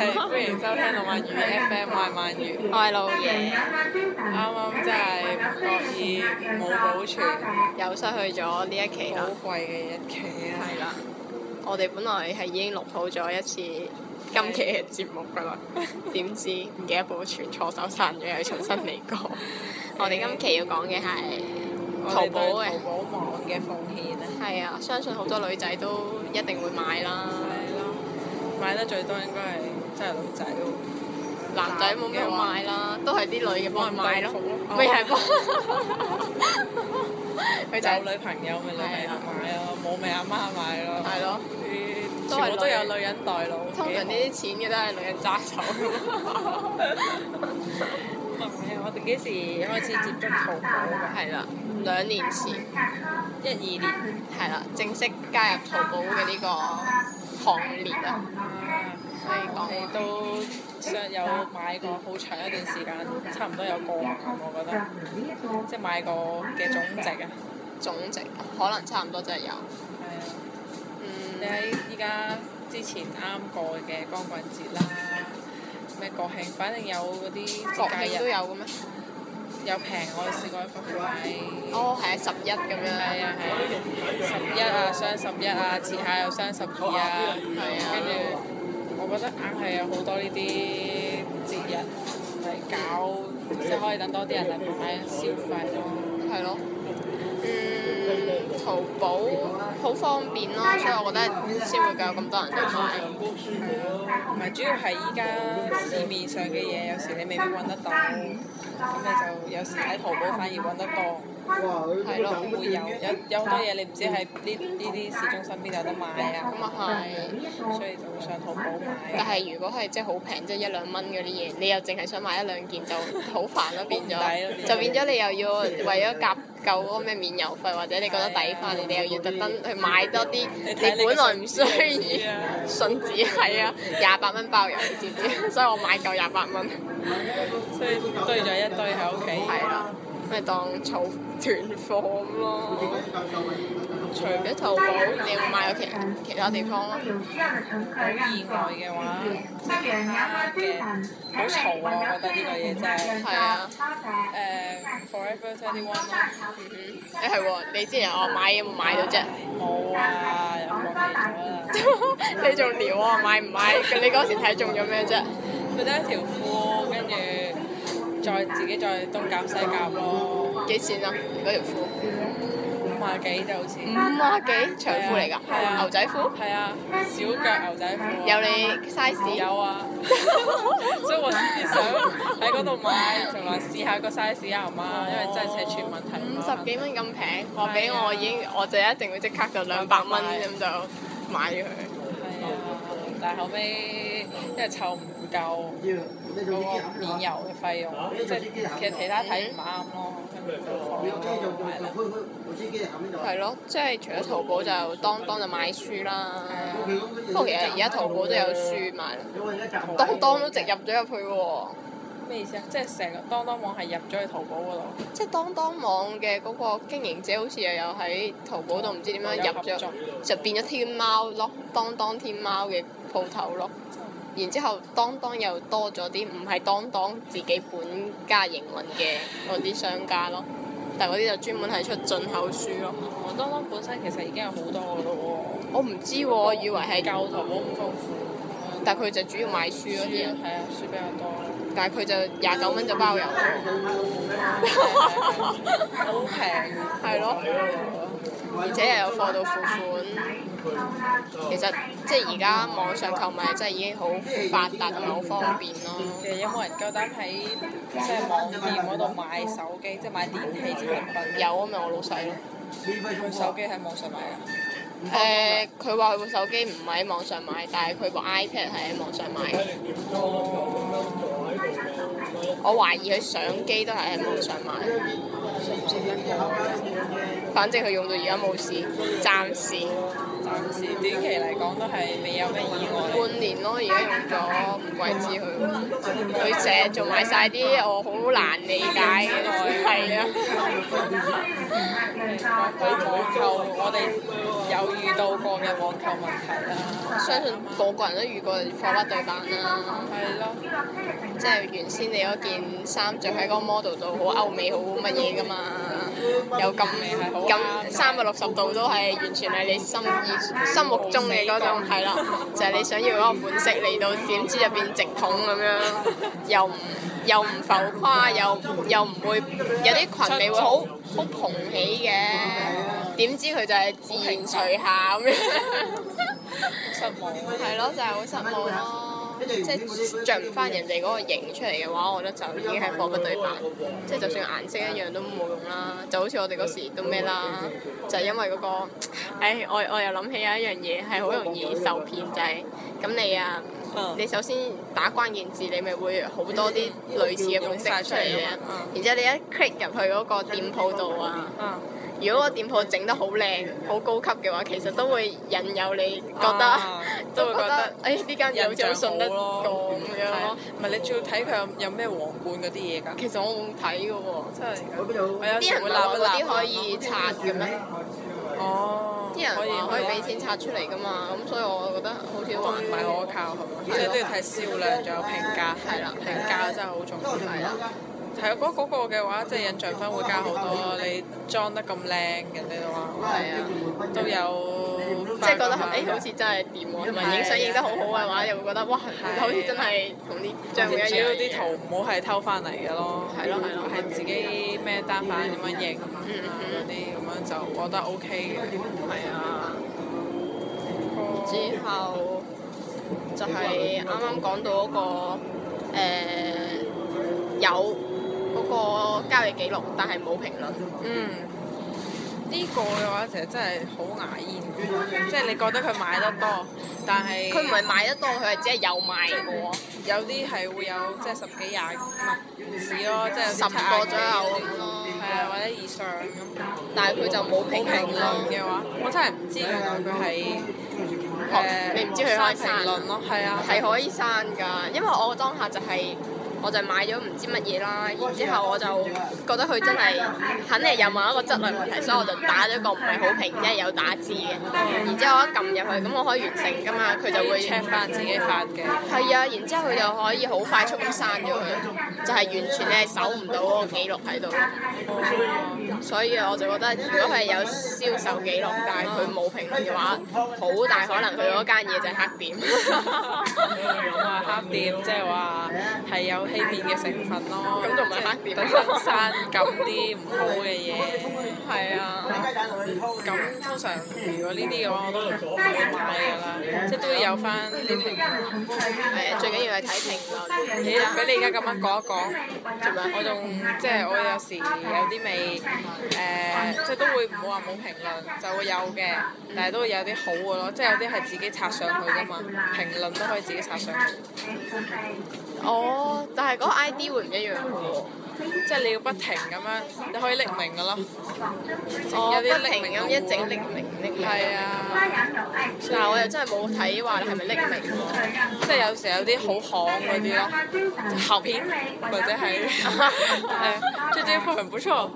係歡迎收聽《龍漫語 FM，》 我係萬語，啱啱真係唔覺意冇保存，又失去咗呢一期好貴嘅一期啊！係啦，我哋本來係已經錄好咗一次今期嘅節目噶啦，點知唔記得保存，錯手散咗，又重新嚟過。 的我哋今期要講嘅係淘寶嘅我哋對淘寶網嘅貢獻啊！係啊， 相信好多女仔都一定會買啦， 買得最多應該係。真係女仔喎，男仔冇咩好買啦，都係啲女嘅幫佢買咯，未係，佢就係女朋友咪女朋友買咯，冇咪阿媽買咯，啲全部都有女人代勞。通常呢啲錢嘅都係女人揸手。我哋幾時開始接觸淘寶？係啦，兩年前，一二年，係啦，正式加入淘寶嘅呢個行列啊！我哋都有買過好長一段時間，差唔多有過，我覺得，即係買過嘅總值、啊、總值，總值可能差唔多就係有。係啊，嗯，你喺依家之前啱過嘅光棍節啦、啊，咩國慶，反正有嗰啲，國慶都有嘅咩？有平，我試過國慶買。哦，係啊，十一咁樣。係啊係啊，十一啊，啊，雙十一啊，遲下有雙十二啊，係、哦、啊，跟住。我覺得硬係有好多呢啲節日嚟搞，就可以等多啲人嚟買消費咯。係咯，了嗯，淘寶好方便咯，所以我覺得先會搞咁多人嚟買。唔係主要係依家市面上嘅嘢，有時你未必揾得到，咁你就有時喺淘寶反而揾得多。係咯，會有有有好多嘢你唔知喺呢呢啲市中心邊有得買啊！咁啊係，所以就會上淘寶買。但係如果係即係好平，即係一兩蚊嗰啲嘢，你又淨係想買一兩件，就好煩咯，變咗就變咗你又要為咗夾夠嗰咩免郵費或者你覺得抵翻，你你又要特登去買多啲，你本來唔需要信紙。係啊，廿八蚊包郵，知唔知？所以我買夠廿八蚊，所以堆咗一堆喺屋企。係啊。咪當儲斷貨咯，除咗淘寶，你會買到其其他地方咯。好意外嘅話，嘅好嘈啊！我覺得呢個嘢真係，係啊、嗯，誒 Forever Twenty One 咯，誒係你之前哦買嘢唔買到啫，冇啊，有冇買到啊，你仲撩我買唔買？ 你嗰時睇中咗咩啫？佢得 一條褲跟住。再自己再東夾西夾咯，幾錢啊？嗰條褲五啊幾，就好似五啊幾長褲嚟㗎，啊、牛仔褲，係啊，小腳牛仔褲。有你 size？有啊， 所以我先想喺嗰度買，仲話試下個 size 啱唔啱，因為真係尺寸問題。五十幾蚊咁平，啊、我俾我已經我就一定要即刻就兩百蚊咁就買咗佢。係啊，但係後尾，因為湊唔夠。要.嗰個免郵嘅費用，即係其實其他睇唔啱咯，跟住就放唔係咯，係咯，即係除咗淘寶就當當就買書啦，不過其實而家淘寶都有書賣，當當都植入咗入去喎。咩意思啊？即係成日當當網係入咗去淘寶嗰度。即係當當網嘅嗰個經營者好似又有喺淘寶度唔知點樣入咗，就變咗天貓咯，當當天貓嘅鋪頭咯。然之後，當當又多咗啲唔係當當自己本家營運嘅嗰啲商家咯，但係嗰啲就專門係出進口書咯。當當本身其實已經有好多個咯喎。哦啊，我唔知喎，以為係。夠淘寶咁豐富。但係佢就主要賣書咯書，而係些啊，書比較多。但係佢就廿九蚊就包郵，好平。係咯。而且又有貨到付款。其實，即係而家網上購物，真係已經好發達同埋好方便咯。其實有冇人夠膽喺即係網店嗰度買手機，即係買電器產品？有啊，咪、就是、我老細咯，佢手機喺網上買㗎。誒、呃，佢話佢部手機唔係喺網上買，但係佢部 iPad 係喺網上買、嗯、我懷疑佢相機都係喺網上買。算算反正佢用到而家冇事，暫時。暫時短期嚟講都係未有咩意外。半年咯，而家用咗唔鬼之佢，佢成仲買晒啲我好難理解嘅內。係啊。網購，我哋有遇到過嘅網購問題啦。相信個個人都遇過貨不對版啦。係咯。即係原先你嗰件衫着喺嗰個 model 度好歐美好乜嘢噶嘛。有咁咁三百六十度都係完全係你心意心目中嘅嗰種，係啦， 就係、是、你想要嗰個款式嚟到，點知入邊直筒咁樣，又唔又唔浮誇，又又唔會有啲裙你會好好蓬起嘅，點知佢就係自然垂下咁樣，好失望，係咯，就係、是、好失望咯。即係著唔翻人哋嗰個型出嚟嘅話，我覺得就已經係貨不對版， 即係就算顏色一樣都冇用啦。就好似我哋嗰時都咩啦，就係因為嗰個，唉，我我又諗起有一樣嘢係好容易受騙，就係咁你啊，你首先打關鍵字，你咪會好多啲類似嘅款式出嚟嘅； 然之後你一 click 入去嗰個店鋪度啊。 如果個店鋪整得好靚，好高級嘅話，其實都會引誘你覺得，都會覺得，誒呢間店好信得過咁樣咯。唔係你仲要睇佢有咩皇冠嗰啲嘢㗎。其實我會睇嘅喎，真係。有啲人會鬧，有啲可以刷嘅咩？哦。啲人話可以俾錢刷出嚟㗎嘛，咁所以我覺得好似。唔係可靠係嘛？依都要睇銷量，仲有評價。係啦，評價真係好重要。係啦。係啊，嗰個嘅話，即係印象分會加好多。你裝得咁靚，人哋話係啊，都有即係覺得，哎、嗯欸，好似真係掂喎。同埋影相影得好好嘅話，又會覺得，哇，啊、好似真係同啲最緊要。啲圖唔好係偷翻嚟嘅咯，係、嗯嗯、自己咩單反點樣影啊？嗰啲咁樣就覺得 OK 嘅。係、嗯、啊，之後就係啱啱講到嗰、嗰個、呃、有。個交易記錄，但係冇評論。嗯，呢個嘅話其實真係好牙煙，即係你覺得佢買得多，但係佢唔係買得多，佢係只係有賣過。有啲係會有即係十幾廿次咯，即係十個左右咁咯，係啊，或者以上咁。但係佢就冇評論嘅話，我真係唔知佢係誒。你唔知佢可以刪評論咯？係啊，係可以刪㗎，因為我當下就係。我就買咗唔知乜嘢啦，然之後我就覺得佢真係肯定有某一個質量問題，所以我就打咗個唔係好評，即係有打字嘅。哦、然之後我一撳入去，咁我可以完成噶嘛，佢就會 check 翻自己發嘅。係啊，然之後佢就可以好快速咁刪咗佢，就係、是、完全你係搜唔到個記錄喺度。哦、所以我就覺得，如果佢係有銷售記錄，但係佢冇評論嘅話，好大可能佢嗰間嘢就係黑店。哦、黑店 即係話係有。欺騙嘅成分咯，即係特登刪咁啲唔好嘅嘢。係 啊，咁通常如果呢啲嘅話， 我都唔會買㗎啦。即係 都會有翻啲評論，係啊，最緊要係睇評論。 你俾你而家咁樣講一講， 同埋我仲即係我有時有啲未誒，即、呃、係、就是、都會唔好話冇評論，就會有嘅， 但係都會有啲好嘅咯。即、就、係、是、有啲係自己插上去㗎嘛，評論都可以自己插上去。哦，但係嗰個 ID 會唔一樣，即係你要不停咁樣，你可以匿名噶咯，整一啲匿名咁一整匿名，匿名。係啊。但係我又真係冇睇話你係咪匿名，即係有時有啲好巷嗰啲咯，後片或者係誒，追蹤分唔錯，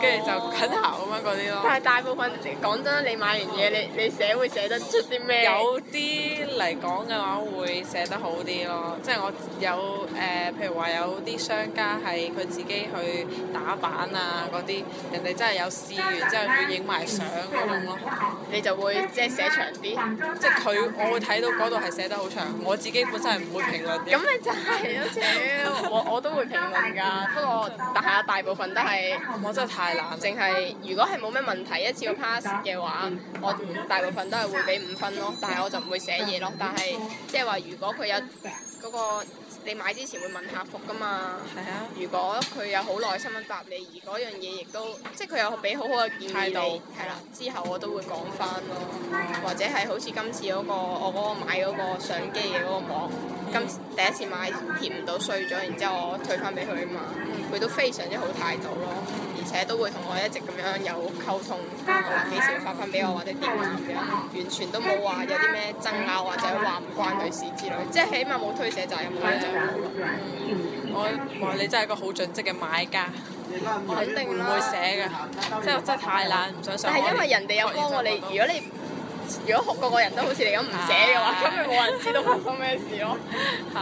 跟住就近後咁樣嗰啲咯。但係大部分講真，你買完嘢，你你寫會寫得出啲咩？有啲嚟講嘅話，會寫得好啲咯，即係我。有誒、呃，譬如話有啲商家係佢自己去打版啊，嗰啲人哋真係有試完之後佢影埋相嗰種咯，你就會即係寫長啲。即係佢，我會睇到嗰度係寫得好長，我自己本身係唔會評論。咁你真係，我我都會評論㗎，不過但係大部分都係我真係太懶。淨係如果係冇咩問題一次過 pass 嘅話，我大部分都係會俾五分咯，但係我就唔會寫嘢咯。但係即係話如果佢有。嗰、那個你買之前會問客服噶嘛？係啊的。如果佢有好耐心咁答你，而嗰樣嘢亦都即係佢有俾好好嘅建議度你，係啦。之後我都會講翻咯，嗯、或者係好似今次嗰、那個我嗰個買嗰個相機嘅嗰個膜，今次第一次買貼唔到，碎咗，然之後我退翻俾佢啊嘛，佢、嗯、都非常之好態度咯。而且都會同我一直咁樣有溝通，話幾、嗯、時會發翻俾我，或者點樣點樣，完全都冇話有啲咩爭拗，或者話唔關佢事之類，即係起碼冇推卸責任嘅。就有嗯，我話，你真係一個好盡職嘅買家，我肯定唔會寫嘅，即真係真係太懶，唔想上。但係因為人哋有幫我，你如果你如果個個人都好似你咁唔寫嘅話，咁咪冇人知道 發生咩事咯。係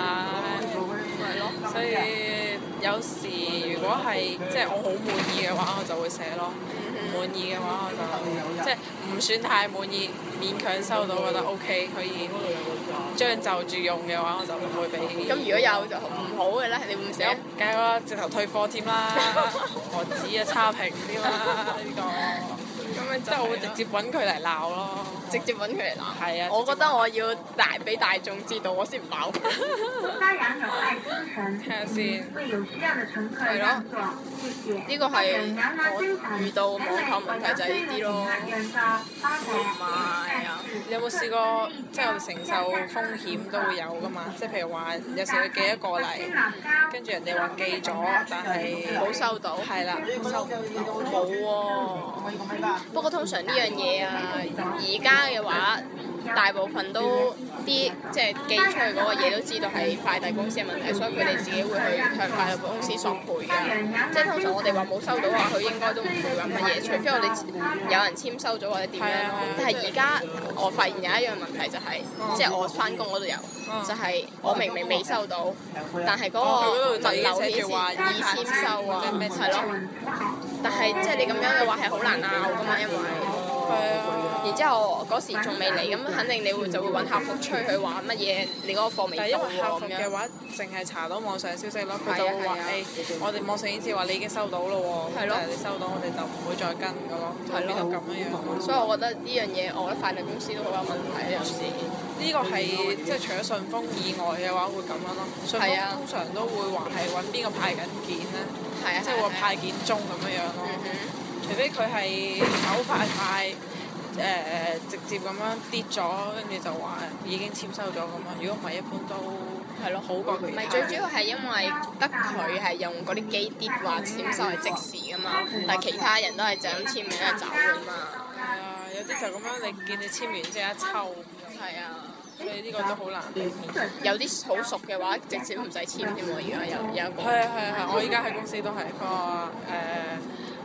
對，咪對咯，所以。所以.有時如果係即係我好滿意嘅話，我就會寫咯。唔滿意嘅話，我就即係唔算太滿意，勉強收到覺得 OK 可以將就住用嘅話，我就唔會俾。咁如果有就唔好嘅咧，你唔寫？梗係啦，直頭退貨添啦，我只啊差評啲啦呢個。咁樣即係我會直接揾佢嚟鬧咯，直接揾佢嚟鬧。係啊！我覺得我要大俾大眾知道，我先唔鬧。家人在清晨。聽下先。係咯。呢個係我遇到嘅網購問題就係呢啲咯。同埋，你有冇試過即係承受風險都會有㗎嘛？即係譬如話，有時你寄一過嚟，跟住人哋話寄咗，但係冇收到。係啦，收唔到。冇喎。不過通常呢樣嘢啊，而家嘅話，大部分都啲即係寄出去嗰個嘢都知道係快遞公司嘅問題，所以佢哋自己會去向快遞公司索賠㗎。即係通常我哋話冇收到，話佢應該都唔會揾乜嘢，除非我哋有人簽收咗或者點樣。啊、但係而家我發現有一樣問題就係、是，即係、嗯、我翻工嗰度有，嗯、就係我明明未收到，嗯、但係嗰個物流嘅話已簽收啊，係咯了。但係，即係你咁樣嘅話係好難拗噶嘛，因為佢，然之後嗰時仲未嚟，咁肯定你會就會揾客服催佢話乜嘢，你嗰個貨未到因為客服嘅話，淨係查到網上消息咯，佢就會話，誒，我哋網上顯示話你已經收到咯喎，但你收到，我哋就唔會再跟噶咯，邊度咁樣樣。所以我覺得呢樣嘢，我覺得快遞公司都好有問題，有時。呢個係即係除咗順豐以外嘅話，會咁樣咯。係啊，通常都會話係揾邊個派緊件咧。係啊，即係會派件中咁樣樣咯， 除非佢係手快快誒直接咁樣跌咗，跟住就話已經簽收咗咁樣。如果唔係，一般都係咯，好過佢。唔係。最主要係因為得佢係用嗰啲機跌話簽收係即時噶嘛， 但係其他人都係就咁簽名就走噶嘛。係啊，有啲就咁樣，你見你簽完即刻抽。係啊。 所以呢個都好難，有啲好熟嘅話直接唔使簽嘅嘛，而家有有個。係啊係啊係！我依家喺公司都係個誒、呃，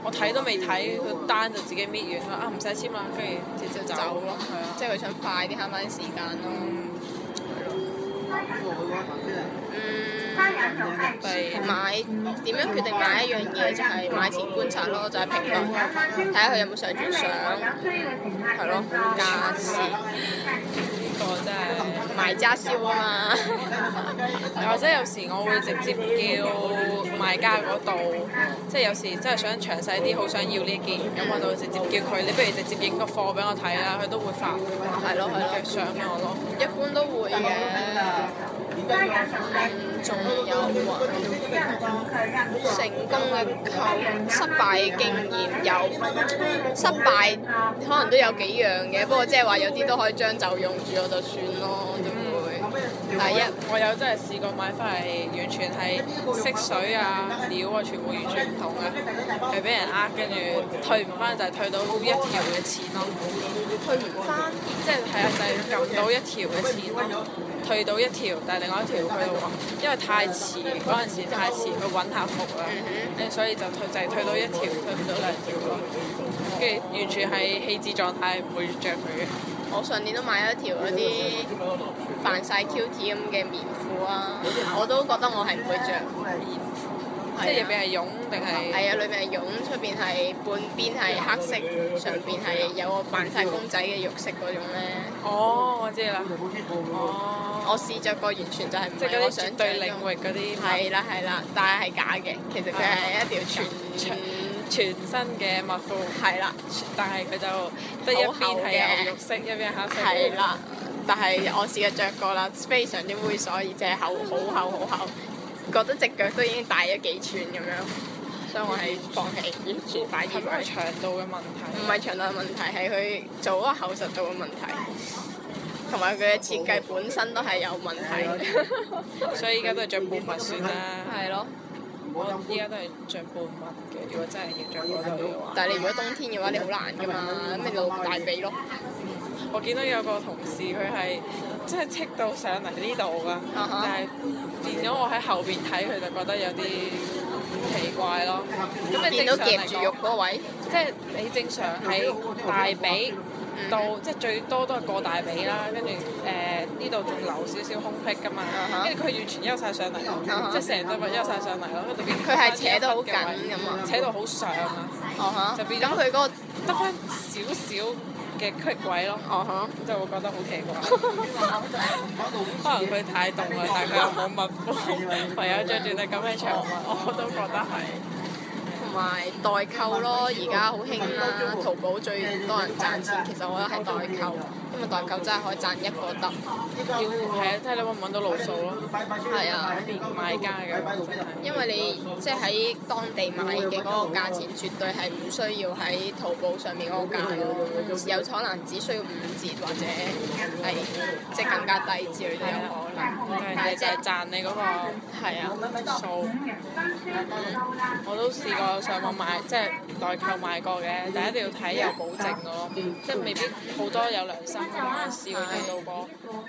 我睇都未睇個單就自己搣完啦，啊唔使簽啦，不如直接走咯。係啊，即係佢想快啲慳翻啲時間咯。嗯，係、嗯、但 買點樣決定買一樣嘢就係買前觀察咯，就係、是、評論，睇下佢有冇上住相，係咯，價錢。嗯嗯。真係賣家銷啊嘛，或者有時我會直接叫賣家嗰度，即係有時真係想詳細啲，好想要呢件，咁我就會直接叫佢，你不如直接影個貨俾我睇啦，佢都會發係咯係咯嘅相俾我咯，一般都會嘅。仲、嗯、有啊！嗯、成功嘅購，嗯、失敗嘅經驗有，嗯、失敗可能都有幾樣嘅。不過即係話有啲都可以將就用住我就算咯，我都會。第一，我有真係試過買翻嚟，完全係色水啊、料啊，全部完全唔同嘅，係俾人呃跟住退唔翻，就係、是、退到一條嘅錢咯。退唔翻，即係係啊，就係、是、撳到一條嘅錢咯。退到一條，但係另外一條佢話，因為太遲，嗰陣時太遲，去揾客服啦，嗯、哼所以就退就係、係、退到一條，退唔到兩條咯。跟住完全係棄置狀態，唔會着佢嘅。我上年都買咗條嗰啲扮晒 Q T 咁嘅棉褲啊，我都覺得我係唔會着。嗯、哼即係入、嗯、邊係絨定係？係啊，裏邊係絨，出邊係半邊係黑色，上邊係有個扮晒公仔嘅肉色嗰種咧。哦，我知啦。哦。我試着過，完全就係唔係我想對領域嗰啲。係啦係啦，但係係假嘅，其實佢係一條全全身嘅襪褲。係啦，但係佢就。好厚嘅。一邊係肉色，一邊係黑色。係啦，但係我試着著過啦，非常之猥瑣，而且厚，好厚好厚，厚，覺得隻腳都已經大咗幾寸咁樣，所以我係放棄。完全，完全長度嘅問，問題。唔係長度嘅問題，係佢做嗰個厚實度嘅問題。同埋佢嘅設計本身都係有問題， 所以依家都係著半份算啦，係咯。我依家都係著半份嘅，如果真係要著半份嘅話。但係你如果冬天嘅話，你好難噶嘛，咁你就大髀咯。 我見到有個同事佢係，即係戚到上嚟呢度㗎，uh huh. 但係變咗我喺後邊睇佢就覺得有啲。奇怪咯，咁你正常夾住肉位，即係你正常喺大髀到，嗯、即係最多都係過大髀啦，跟住誒呢度仲留少少空隙噶嘛，跟住佢完全優晒上嚟嘅，uh huh. 即係成對物優晒上嚟咯，佢係扯到好緊，扯到好上。Uh、huh, 就變咗佢嗰個得翻少少嘅曲鬼咯，uh、huh, 就會覺得好奇怪。 可能佢太凍啦， 但係佢又冇襪幫，唯有著住對咁嘅長襪， 我都覺得係。同埋代購咯，而家好興啦，淘寶最多人賺錢，其實我覺得，係代購。咁啊代購真係可以賺一個得，要係啊睇下你揾唔揾到路數咯，係啊對，買家嘅，因為你即係喺當地買嘅嗰個價錢，絕對係唔需要喺淘寶上面嗰個價咯，嗯、有可能只需要五折或者係、嗯、即係更加低折，都對有可能，係，你即係賺你嗰、那個係啊數數、嗯、我都試過上網買，即係代購買過嘅，但係一定要睇有保證咯，嗯嗯、即係未必好多有良心。笑嘅到哥，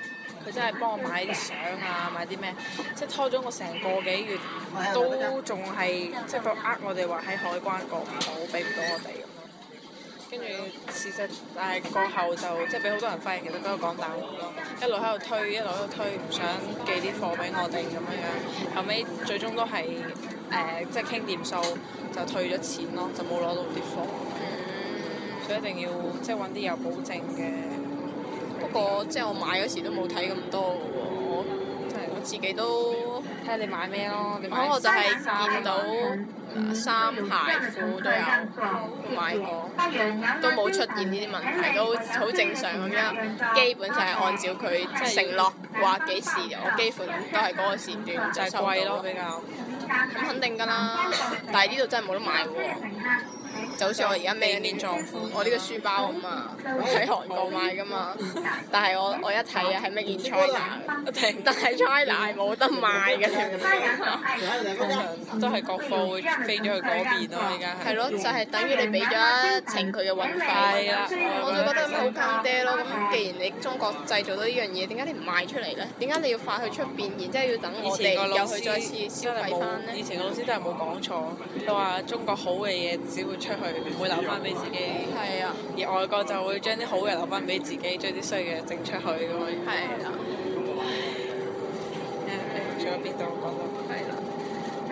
佢真係幫我買啲相啊，買啲咩，即係拖咗我成個幾月，都仲係即係佢呃我哋話喺海關過唔到，俾唔到我哋咁樣。跟住事實，但係過後就即係俾好多人發現，其實都係講大話咯，一路喺度推，一路喺度推，唔想寄啲貨俾我哋咁樣。後尾最終都係誒、呃，即係傾掂數就退咗錢咯，就冇攞到啲貨。所以一定要即係揾啲有保證嘅。不過，即係我買嗰時都冇睇咁多喎，我真係我自己都睇下你買咩咯，啊。我我就係見到衫、鞋、嗯、褲都有都買過，嗯、都冇出現呢啲問題，都好正常咁樣，基本上係按照佢承諾話幾時，我幾乎都係嗰個時段就收。就貴咯，比較，咁肯定㗎啦。 但係呢度真係冇得買喎。就好似我而家未嗰啲裝，我呢個書包咁啊，喺韓國買噶嘛， 但係我我一睇啊， 係咩件 China，但係 China 冇得賣嘅，通常都係國貨會飛咗去嗰邊咯，而家係。係咯，就係、是、等於你俾咗一程佢嘅運費啊！了我就覺得好坑爹咯。咁既然你中國製造到呢樣嘢，點解你唔賣出嚟咧？點解你要發去出邊，然之後要等我哋又去再次消費翻咧？以前個老師真係冇，以前個老師真係冇講錯，佢話中國好嘅嘢只會。出去唔會留翻俾自己，而外國就會將啲好嘅留翻俾自己，將啲衰嘅整出去咁樣。係啊。誒，仲有邊度講到？係啦。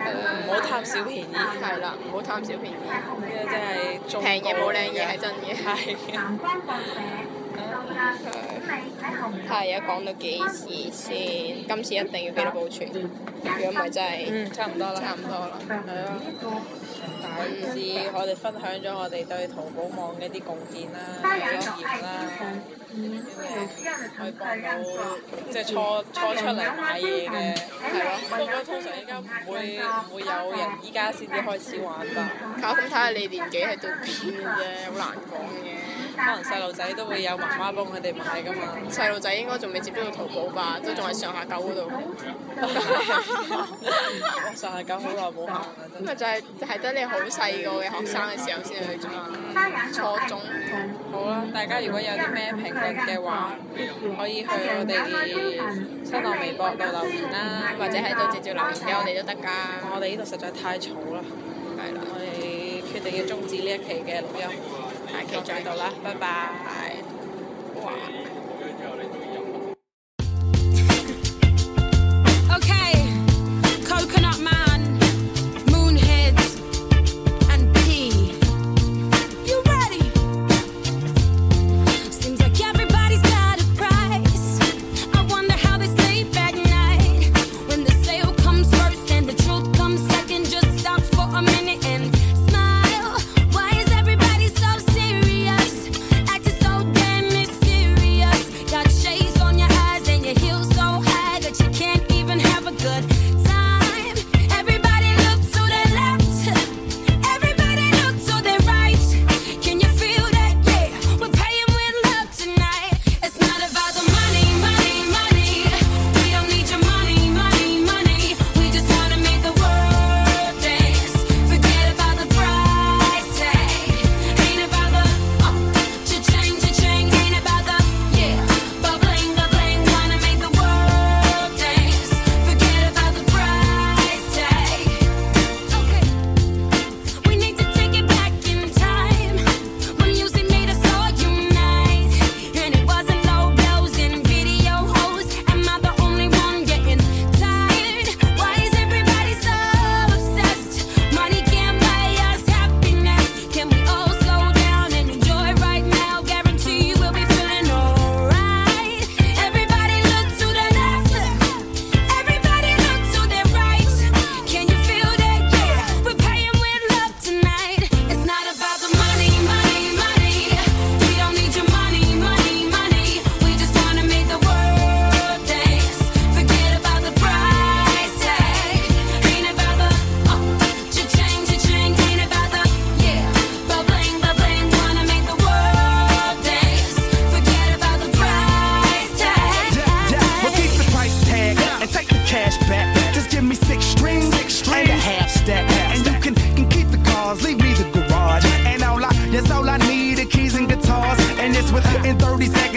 誒，唔好貪小便宜。係啦，唔好貪小便宜。真係平嘢冇靚嘢係真嘅。係。南關報社。啊。睇下而家講到幾時先？今次一定要記錄保存。如果唔係真係。差唔多啦。差唔多啦。係啊。我意思我哋分享咗我哋對淘寶網嘅一啲貢獻啦，經驗啦，啲咩可以幫到即係初初出嚟買嘢嘅，係咯、嗯？吧我覺得通常應該唔會唔、嗯、會有人依家先至開始玩吧？靠咁睇下你年紀喺度偏啫，好 難講嘅。可能細路仔都會有媽媽幫佢哋買噶嘛，細路仔應該仲未接觸到淘寶吧，都仲係上下九嗰度。上下九好耐冇行啦，真係就係等你好細個嘅學生嘅時候先去做，初、啊、中。好啦、啊，大家如果有啲咩評論嘅話，可以去我哋新浪微博度留言啦、啊，或者喺度直接留言俾我哋都得噶、啊啊，我哋呢度實在太嘈啦，係啦的，我哋決定要終止呢一期嘅錄音。下次再見到啦，拜拜。拜拜。